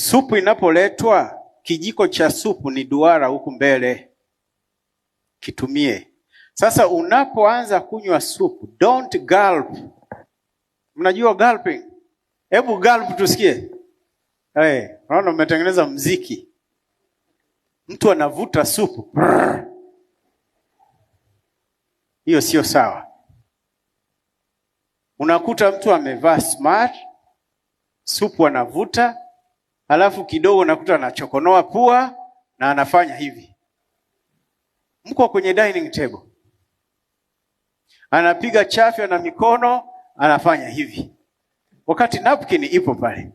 Supu inapoletwa kijiko cha supu ni duara huku mbele, kitumie. Sasa unapoanza kunywa supu, don't gulp. Mnajua gulping? Hebu gulp tusikie. Hey, unaona umetengeneza mziki, mtu anavuta supu. Hiyo sio sawa. Unakuta mtu amevaa smart, supu anavuta halafu kidogo nakuta anachokonoa pua na anafanya hivi. Mko kwenye dining table, anapiga chafya na mikono, anafanya hivi wakati napkin ipo pale.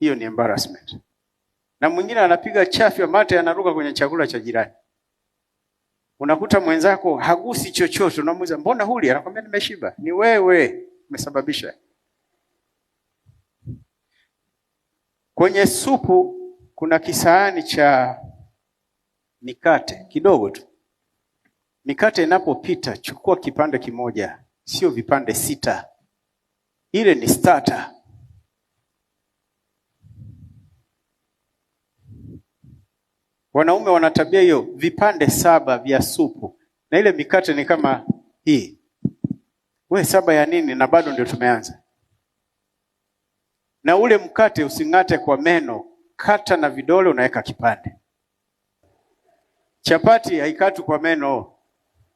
Hiyo ni embarrassment. Na mwingine anapiga chafya, mate anaruka kwenye chakula cha jirani. Unakuta mwenzako hagusi chochote, unamuuliza mbona huli? Anakwambia nimeshiba. Ni wewe umesababisha. Kwenye supu kuna kisahani cha mikate kidogo tu. Mikate inapopita, chukua kipande kimoja, sio vipande sita. Ile ni starter. Wanaume wana tabia hiyo, vipande saba vya supu, na ile mikate ni kama hii. We saba ya nini? Na bado ndio tumeanza. Na ule mkate using'ate kwa meno, kata na vidole, unaweka kipande. Chapati haikatu kwa meno,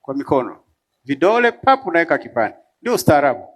kwa mikono, vidole, papu, unaweka kipande. Ndio ustaarabu.